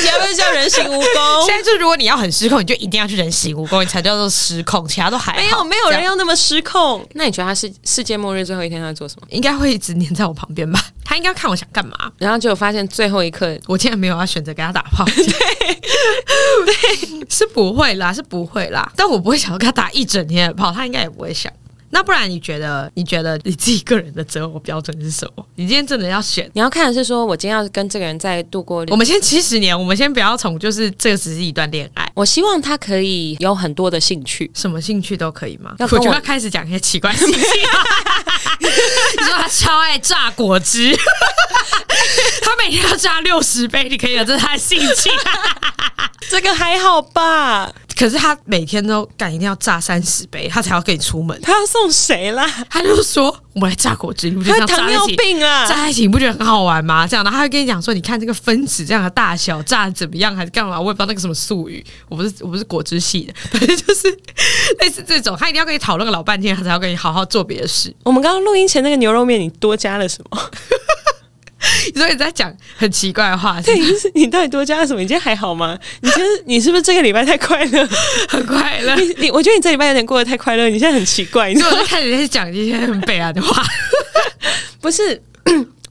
(laughs) 最要不叫人形蜈蚣？ (laughs) 現在就，如果你要很失控，你就一定要去人形蜈蚣，你才叫做失控。其他都還好，沒有，沒有人要那麼失控。那你覺得他是世界末日最後一天，他在做什麼？應該會一直黏在我旁邊吧。他應該要看我想幹嘛，然後結果發現最後一刻，我竟然沒有要選擇給他打炮。 (laughs) 對，對 (laughs) 是不會啦，是不會啦。 (laughs) 但我不會想要跟他打一整天的炮，他應該也不會想。那不然你覺得？你覺得你自己個人的擇偶標準是什麼？你今天真的要選？你要看的是說，我今天要跟這個人在度過。我們先七十年，我們先不要從就是這個只是一段戀愛。我希望他可以有很多的興趣，什麼興趣都可以嗎？要不就要開始講一些奇怪的東西。的 (laughs) (laughs) 你說他超愛榨果汁， (laughs) 他每天要榨六十杯，你可以有這是他的興趣， (laughs) 這個還好吧？可是他每天都敢一定要榨三十杯，他才要跟你出門。他要送誰啦？他就說：“我們來榨果汁。你不”他糖尿病啊，榨在一起你不覺得很好玩嗎？這樣的，然後他會跟你講說：“你看這個分子這樣的大小，榨得怎麼樣還是幹嘛？”我也不知道那個什麼術語。我不是我不是果汁系的，反正就是類似這種。他一定要跟你討論個老半天，他才要跟你好好做別的事。我們剛剛錄音前那個牛肉麵，你多加了什麼？所以在講很奇怪的話，對，是不是？你到底多加了什麼？你今天還好嗎？你、就是你是不是這個禮拜太快樂， (laughs) 很快樂樂？ (laughs) 你你，我覺得你這禮拜有點過得太快樂，你現在很奇怪，所以開始在講一些很悲哀的話。不是，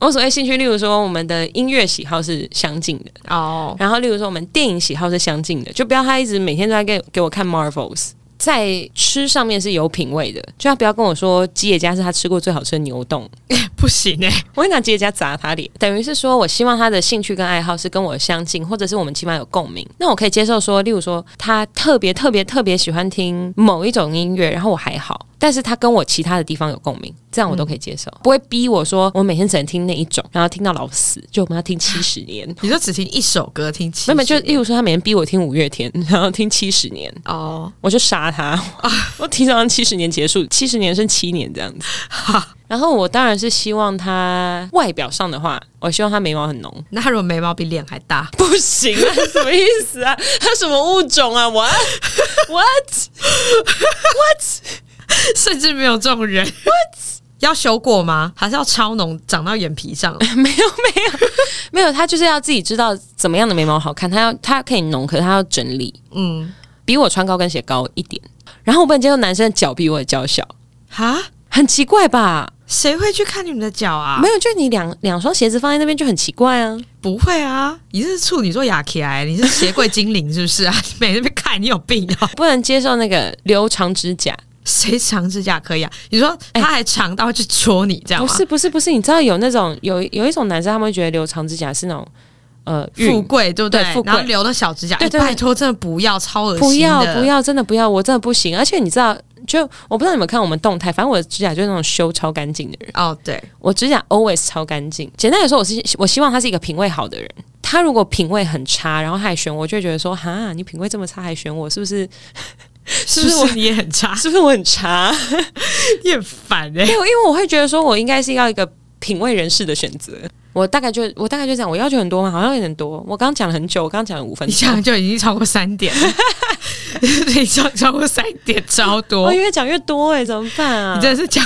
我所謂興趣，例如說我們的音樂喜好是相近的哦，oh. 然後例如說我們電影喜好是相近的，就不要他一直每天都在給給我看 Marvels。在吃上面是有品味的，就他不要跟我說吉野家是他吃過最好吃的牛丼，欸。不行哎、欸，我會拿吉野家砸他臉，等於是說我希望他的興趣跟愛好是跟我相近，或者是我們起碼有共鳴，那我可以接受說，例如說他特別特別特別喜歡聽某一種音樂，然後我還好。但是他跟我其他的地方有共鳴，這樣我都可以接受，嗯、不會逼我說我每天只能聽那一種，然後聽到老死，就我們要聽七十年。你就只聽一首歌聽七？那麼就例如說，他每天逼我聽五月天，然後聽七十年，哦、oh.，我就殺他啊！Oh. 我提早讓七十年結束，七十年剩七年這樣子。Oh. 然後我當然是希望他外表上的話，我希望他眉毛很濃。那如果眉毛比臉還大，不行，啊，什麼意思啊？他 (laughs) 什麼物種啊？我 what? (laughs) what what？甚至沒有這種人，What? 要修過嗎？還是要超濃長到眼皮上？ (laughs) 沒有，沒有，沒有。他就是要自己知道怎麼樣的眉毛好看。他要，他可以濃，可是他要整理。嗯，比我穿高跟鞋高一點。然後我不能接受男生的腳比我的腳小哈，很奇怪吧？誰會去看你們的腳啊？沒有，就你兩兩雙鞋子放在那邊就很奇怪啊！不會啊，你是處女座雅克艾、欸，你是鞋櫃精靈是不是啊？ (laughs) 每在那邊看，你有病啊！ (laughs) 不能接受那個留長指甲。誰長指甲可以啊？你說他還長到會去戳你，欸、這樣嗎？不是不是不是，你知道有那種有有一種男生，他們會覺得留長指甲是那種呃富貴，對不對？對富貴，然後留的小指甲，對對，對、欸，拜託，真的不要，超噁心的，不要不要，真的不要，我真的不行。而且你知道，就我不知道你們看我們動態，反正我的指甲就是那種修超乾淨的人哦。Oh, 對，我指甲 always 超乾淨。簡單來說，我是我希望他是一個品味好的人。他如果品味很差，然後還選我，就會覺得說，哈，你品味這麼差還選我，是不是？是不是你也很差？是不是我很差？ (laughs) 你很煩哎、欸！因為因為我會覺得說，我應該是要一個品味人士的選擇。我大概就我大概就這樣，我要求很多嘛，好像有點多。我剛講了很久，我剛講了五分鐘，你講就已經超過三點了。經 (laughs) (laughs) 超過三點，超多，我，我越講越多哎、欸，怎麼辦啊？你真的是講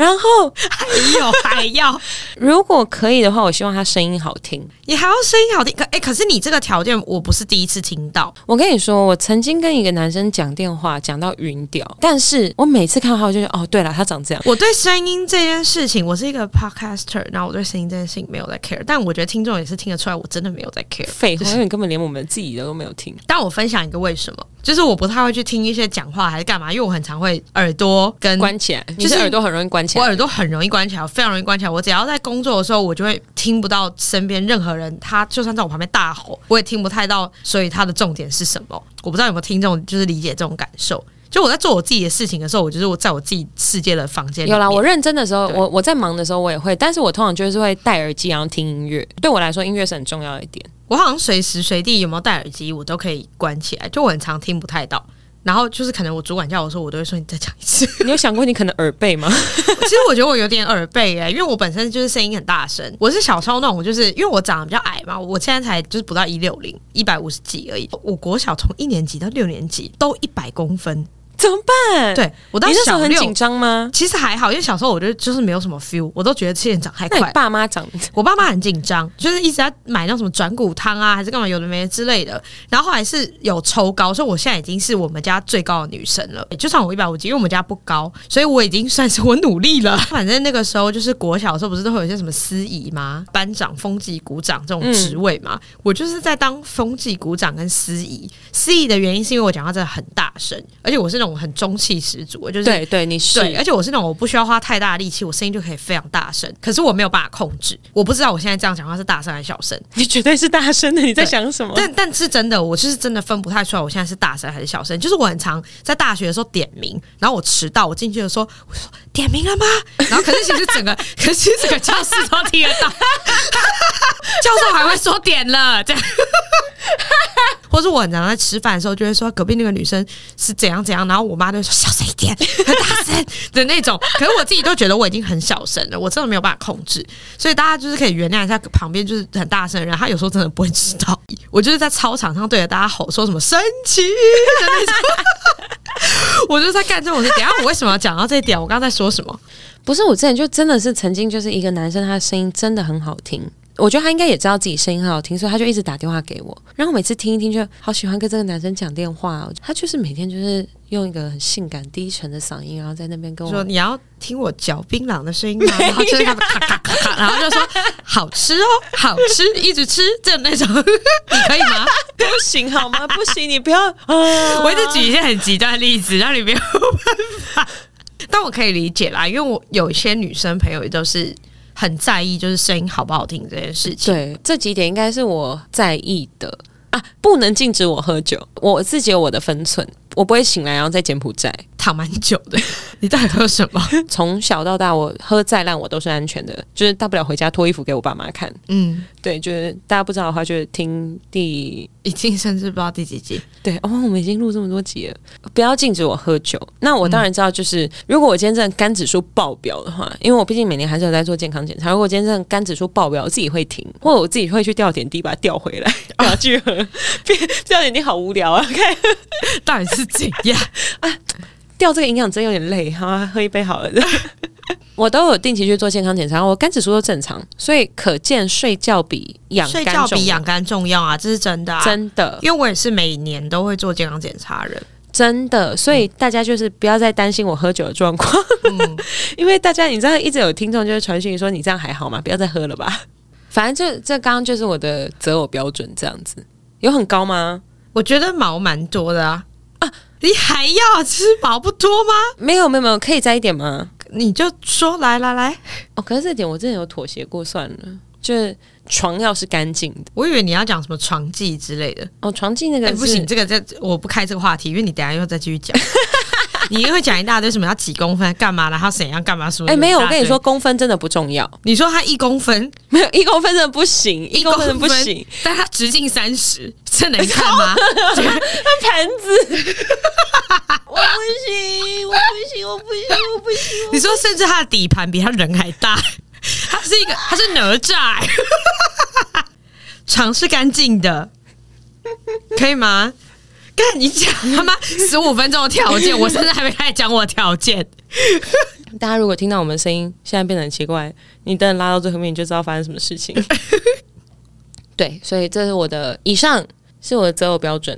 然後還有還要， (laughs) 如果可以的話，我希望他聲音好聽。你還要聲音好聽？可哎、欸，可是你這個條件我不是第一次聽到。我跟你說，我曾經跟一個男生講電話，講到暈掉。但是我每次看到他我就覺得，哦，對了，他長這樣。我對聲音這件事情，我是一個 podcaster，然後我對聲音這件事情沒有在 care。但我覺得聽眾也是聽得出來，我真的沒有在 care。廢話，就是、還以為你根本連我們自己的都沒有聽。 (laughs) 但我分享一個為什麼，就是我不太會去聽一些講話還是幹嘛，因為我很常會耳朵跟關起來，就是、是耳朵很容易關。我耳朵很容易關起來，我非常容易關起來。我只要在工作的時候，我就會聽不到身邊任何人。他就算在我旁邊大吼，我也聽不太到。所以他的重點是什麼？我不知道有沒有聽眾就是理解這種感受。就我在做我自己的事情的時候，我就是我在我自己世界的房間裡。有啦，我認真的時候，我我在忙的時候，我也會。但是我通常就是會戴耳機然後聽音樂。對我來說，音樂是很重要一點。我好像隨時隨地有沒有戴耳機，我都可以關起來，就我很常聽不太到。然後就是，可能我主管叫我說，我都會說你再講一次。你有想過你可能耳背嗎？ (laughs) 其實我覺得我有點耳背哎、欸，因為我本身就是聲音很大聲。我是小超那種，我就是因為我長得比較矮嘛，我現在才就是不到一六零，一百五十幾而已。我國小從一年級到六年級都一百公分，怎麼辦？對我當 6, 那時候很緊張嗎？其實還好，因為小時候我就就是沒有什麼 feel，我都覺得現在長太快。那你爸媽長？我爸媽很緊張，就是一直在買那種什麼轉骨湯啊，還是幹嘛有的沒的之類的。然後後來是有抽高，所以我現在已經是我們家最高的女生了。欸、就算我一百五斤，因為我們家不高，所以我已經算是我努力了。 (laughs) 反正那個時候就是國小的時候，不是都會有些什麼司儀嗎？班長、風紀股長這種職位嗎、嗯？我就是在當風紀股長跟司儀。司儀的原因是因為我講話真的很大聲，而且我是那種。很中氣十足，就是對對，你是對，而且我是那種，我不需要花太大的力氣，我聲音就可以非常大聲。可是我沒有辦法控制，我不知道我現在這樣講話是大聲還是小聲。你絕對是大聲的，你在想什麼？但但是真的，我就是真的分不太出來，我現在是大聲還是小聲。就是我很常在大學的時候點名，然後我遲到，我進去的時候，我說點名了嗎？然後可是其實整個 (laughs) 可是整個教室都聽得到， (laughs) 教授還會說點了這樣， (laughs) 或是我很常在吃飯的時候就會說隔壁那個女生是怎樣怎樣，然後。然後我媽就說，小聲一點，很大聲的那種。 (laughs) 可是我自己都覺得我已經很小聲了，我真的沒有辦法控制。所以大家就是可以原諒一下旁邊就是很大聲的人。他有時候真的不會知道，我就是在操場上對着大家吼說什麼“神奇”的那種。 (laughs) (laughs) 我就在幹這種事。等下我為什麼要講到這一點？我剛剛在說什麼？不是，我之前就真的是曾經就是一個男生，他的聲音真的很好聽。我覺得他應該也知道自己聲音很好聽，所以他就一直打電話給我。然後每次聽一聽，就好喜歡跟這個男生講電話哦。他就是每天就是。用一個很性感低沉的嗓音，然後在那邊跟我說：“你要聽我嚼檳榔的聲音嗎？”然後就是咔咔，咔咔咔咔， (laughs) 然後就說：“好吃哦，好吃，一直吃，就那種， (laughs) 你可以嗎？”不行好嗎？ (laughs) 不行，你不要，啊。我一直舉一些很極端的例子，讓你沒有辦法。但我可以理解啦，因為我有一些女生朋友也都是很在意，就是聲音好不好聽這件事情。對，這幾點應該是我在意的。啊，不能禁止我喝酒，我自己有我的分寸，我不會醒來，然後在柬埔寨。躺蠻久的，你到底喝什麼？從、okay, 小到大我喝再爛我都是安全的，就是大不了回家脫衣服給我爸媽看。嗯，對，就是大家不知道的話，就是聽第已經甚至不知道第幾集。對，哦，我們已經錄這麼多集了，不要禁止我喝酒。那我當然知道，就是、嗯、如果我今天這樣肝指數爆表的話，因為我畢竟每年還是有在做健康檢查。如果我今天這樣肝指數爆表，我自己會停，或者我自己會去吊點滴把它吊回來。去啊，去喝，吊點滴好無聊啊，啊， (laughs) 無聊啊！OK，然是幾呀？Yeah. (laughs) 啊掉這個營養真有點累哈、啊，喝一杯好了。 (laughs) 我都有定期去做健康檢查，我肝指數都正常，所以可見睡覺比養肝睡覺比養肝重要啊，這是真的、啊，真的。因為我也是每年都會做健康檢查人，真的。所以大家就是不要再擔心我喝酒的狀況，嗯、 (laughs) 因為大家你知道一直有聽眾就是傳訊說，你這樣還好嗎？不要再喝了吧。反正這這剛剛就是我的擇偶標準，這樣子有很高嗎？我覺得毛蠻多的啊。你還要吃飽不多嗎？沒有沒有沒有，可以再一點嗎？你就說，來來來。哦，可是這點我真的有妥協過，算了。就是床要是乾淨的，我以為你要講什麼床技之類的。哦，床技那個不行，這個在我不開這個話題，因為你等下又再繼續講。 (laughs) (laughs) 你又會講一大堆什麼要幾公分幹嘛啦，然後怎樣幹嘛說？哎、欸，沒有，我跟你說，公分真的不重要。你說他一公分，沒有一公分真的不行，一公分不行分。但他直徑三十，這能看嗎？盤、哦、 (laughs) 盤子 (laughs) 我，我不行，我不行，我不行，我不行。 (laughs) 你說，甚至他的底盤比他人還大， (laughs) 他是一個，他是哪吒、欸，床 (laughs) 是乾淨的， (laughs) 可以嗎？你講他媽十五分鐘的條件，我甚至還沒開始講我條件。大家如果聽到我們的聲音現在變得很奇怪，你等等拉到最後面你就知道發生什麼事情。 (laughs) 對，所以這是我的，以上是我的擇偶標準，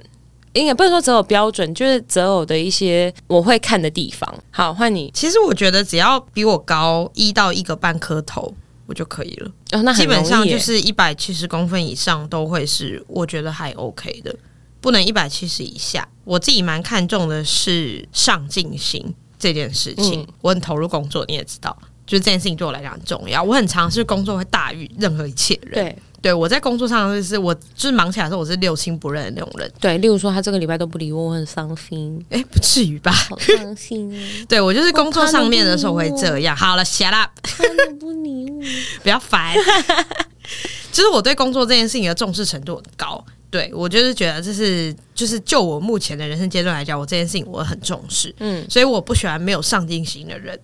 應、欸、該不能說擇偶標準，就是擇偶的一些我會看的地方。好，換你。其實我覺得只要比我高一到一個半顆頭，我就可以了。哦、那、欸、基本上就是一百七十公分以上都會是我覺得還 OK 的。不能一百七十以下。我自己蠻看重的是上進心這件事情，嗯，我很投入工作，你也知道，就是這件事情對我來講很重要。我很嘗試工作會大於任何一切人。對，對我在工作上就是我就是忙起來的時候我是六親不認的那種人。對，例如說他這個禮拜都不理我，我很傷心。誒、欸，不至於吧？好傷心 (laughs) 對我就是工作上面的時候會這樣。好了，shut up。不理我，不要煩。 (laughs) 就是我對工作這件事情的重視程度很高。對，我就是覺得這是就是就我目前的人生階段來講，我這件事情我很重視，嗯，所以我不喜歡沒有上進心的人。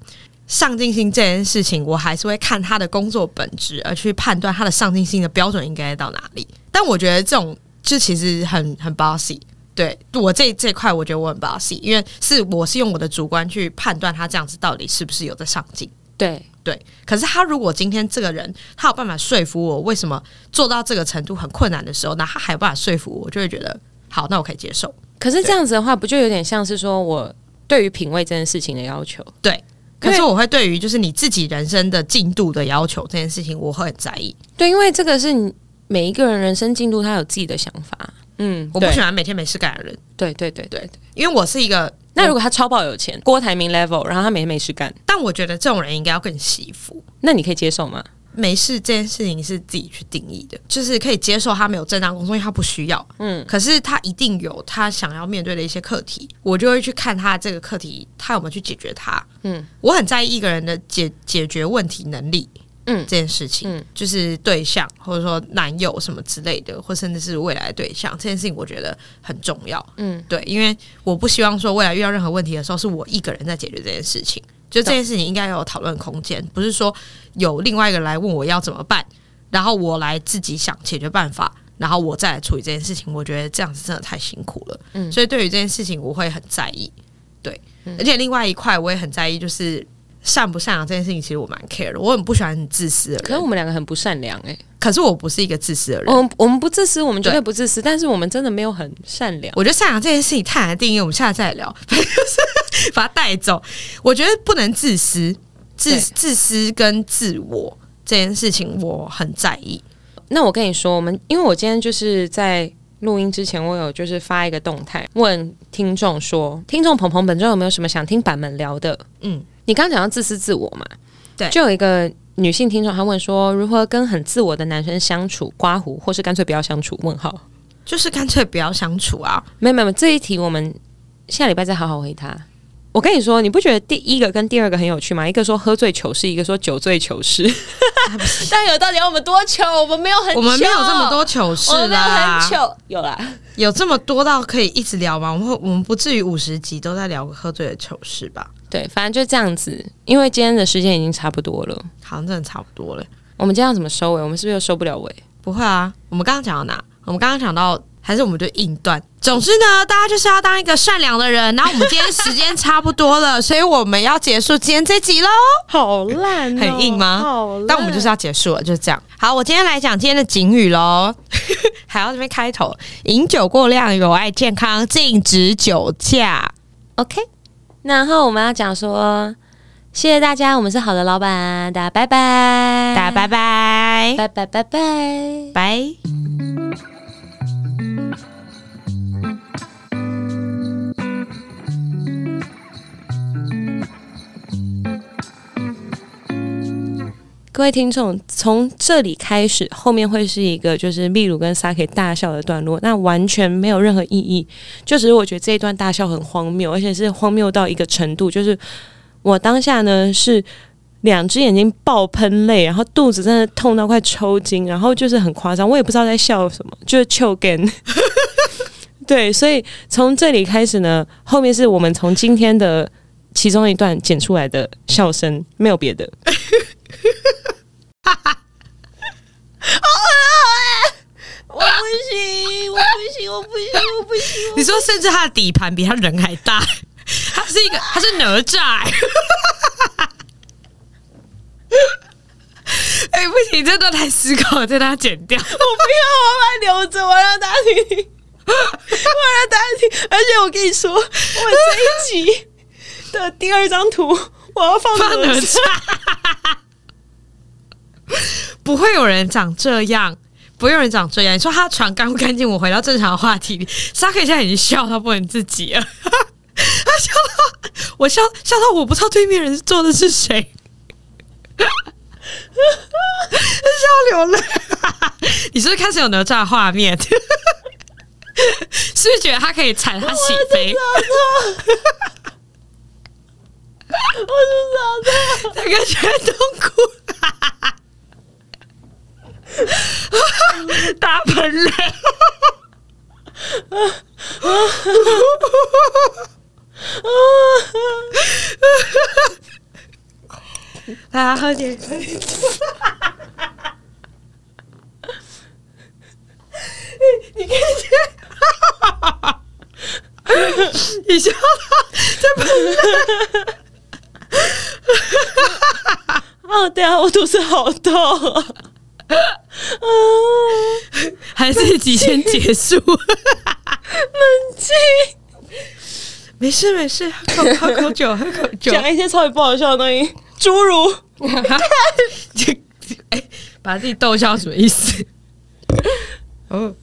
上進心這件事情，我還是會看他的工作本質而去判斷他的上進心的標準應該到哪裡。但我覺得這種就其實很很 bossy。對我這這塊，我覺得我很 bossy，因為是我是用我的主觀去判斷他這樣子到底是不是有在上進。對。對，可是他如果今天這個人他有辦法說服我，為什麼做到這個程度很困難的時候，那他還有辦法說服我，我就會覺得好，那我可以接受。可是這樣子的話，不就有點像是說我對於品味這件事情的要求？對，可是我會對於就是你自己人生的進度的要求這件事情，我會很在意。對，因為這個是你每一個人人生進度，他有自己的想法。嗯，我不喜歡每天沒事幹的人。對對對對，對，對，因為我是一個。那如果他超爆有錢，郭台銘 level，然後他每天沒事幹，但我覺得這種人應該要更惜福。那你可以接受嗎？沒事，這件事情是自己去定義的，就是可以接受他沒有正當工作，因為他不需要。嗯，可是他一定有他想要面對的一些課題，我就會去看他這個課題，他有沒有去解決他。嗯，我很在意一個人的解解決問題能力。嗯，這件事情、嗯嗯、就是對象或者說男友什麼之類的，或甚至是未來對象這件事情，我覺得很重要。嗯，對，因為我不希望說未來遇到任何問題的時候是我一個人在解決這件事情，就這件事情應該要有討論空間、嗯，不是說有另外一個人來問我要怎麼辦，然後我來自己想解決辦法，然後我再來處理這件事情。我覺得這樣子真的太辛苦了。嗯，所以對於這件事情我會很在意。對，嗯、而且另外一塊我也很在意，就是。善不善良這件事情，其實我蠻 care 的。我很不喜歡很自私的人。可是我們兩個很不善良誒、欸。可是我不是一個自私的人。我們不我們不自私，我們絕對不自私，但是我們真的沒有很善良。我覺得善良這件事情太難定義，我們下次再聊。把它帶走。我覺得不能自私，自自私跟自我這件事情我很在意。那我跟你說，我們因為我今天就是在錄音之前，我有就是發一個動態問聽眾說：聽眾朋朋本周有沒有什麼想聽闆們聊的？嗯。你剛剛講到自私自我嘛？對，就有一個女性聽眾她問說：如何跟很自我的男生相處？刮鬍，或是乾脆不要相處？問號，就是乾脆不要相處啊！沒沒有這一題我們下禮拜再好好回答。我跟你說，你不覺得第一個跟第二個很有趣嗎？一個說喝醉糗事，一個說酒醉糗事。 (laughs) 但有到底我們多糗？我們沒有很，我們沒有這麼多糗事的啦、啊。有啦，有這麼多到可以一直聊嗎？我們我們不至於五十集都在聊喝醉的糗事吧？對，反正就這樣子，因為今天的時間已經差不多了，好像真的差不多了。我們今天要怎麼收尾？我們是不是又收不了尾？不會啊，我們剛剛講到哪？我們剛剛講到，還是我們就硬斷。總之呢，大家就是要當一個善良的人。然後我們今天時間差不多了， (laughs) 所以我們要結束今天這集嘍。好爛喔， (laughs) 很硬嗎？好爛，但我們就是要結束了，就是這樣。好，我今天來講今天的警語嘍， (laughs) 還要這邊開頭：飲酒過量有礙健康，禁止酒駕。OK。然後我們要講說，謝謝大家，我們是好的老闆，啊，大家拜拜，大家拜拜，拜拜拜拜拜。Bye. 各位聽眾，從這裡開始，後面會是一個就是閉魯跟 SA-KE 大笑的段落，那完全沒有任何意義。就只是我覺得這一段大笑很荒謬，而且是荒謬到一個程度，就是我當下呢是兩隻眼睛爆噴淚，然後肚子真的痛到快抽筋，然後就是很誇張，我也不知道在笑什麼，就是 choking。對，所以從這裡開始呢，後面是我們從今天的其中一段剪出來的笑聲，沒有別的。哈哈哈，好難，我不行，我不行，我不行，我不行。你說甚至他的底盤比他人還大，他是一個，他是哪吒？哎、 (laughs) 欸，不行，這段太思考，我再把它剪掉。我不要，我還留着，我要讓大家聽，我要讓大家聽。而且我跟你說，我這一集的第二張圖，我要放哪吒。不會有人長這樣，不會有人長這樣。你說他床乾不乾淨？我回到正常的話題裡。沙克現在已經笑到不能自己不能自已了， (laughs) 他笑到我笑笑到我不知道對面人坐的是誰，笑流淚。 (laughs) 你是不是開始有哪吒的畫面？ (laughs) 是不是覺得他可以踩他起飛？我是啥子？我是 (laughs) 感覺痛苦。打噴嚏！ (music) (laughs) (laughs) 啊啊啊啊啊！來喝點。 (laughs) (laughs) 你你看見？你笑，這噴嚏。哦對啊，我肚子好痛。啊！ (laughs) 還是提前結束，冷、哦、靜。 (laughs) 沒事沒事，喝口酒喝口酒，講一些超級不好笑的東西。諸如。哎、 (laughs) (laughs) 欸，把自己逗笑什麼意思？哦嗯、 (laughs)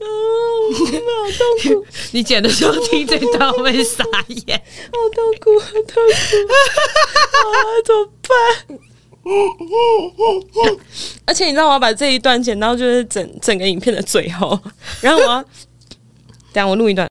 哦，我好痛苦 (laughs) 你。你剪的時候聽這段會傻眼。好痛苦，好痛苦，我、 (laughs) 哦、怎麼辦？ (laughs) 啊、而且你知道，我要把這一段剪到就是整整個影片的最後。然後我要，要 (laughs) 等下我錄一段。